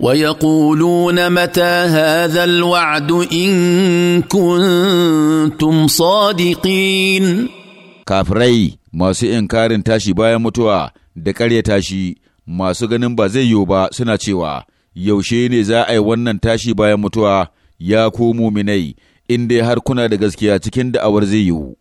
ويقولون Kulu na الوعد إن كنتم صادقين كافري masu inkarin tashi bayan mutuwa da ƙarya tashi masu ganin ba zai yiwu ba suna cewa yaushe ne za a yi wannan tashi bayan mutuwa ya ku muminai in dai har kuna da gaskiya cikin da'awar zai yiwu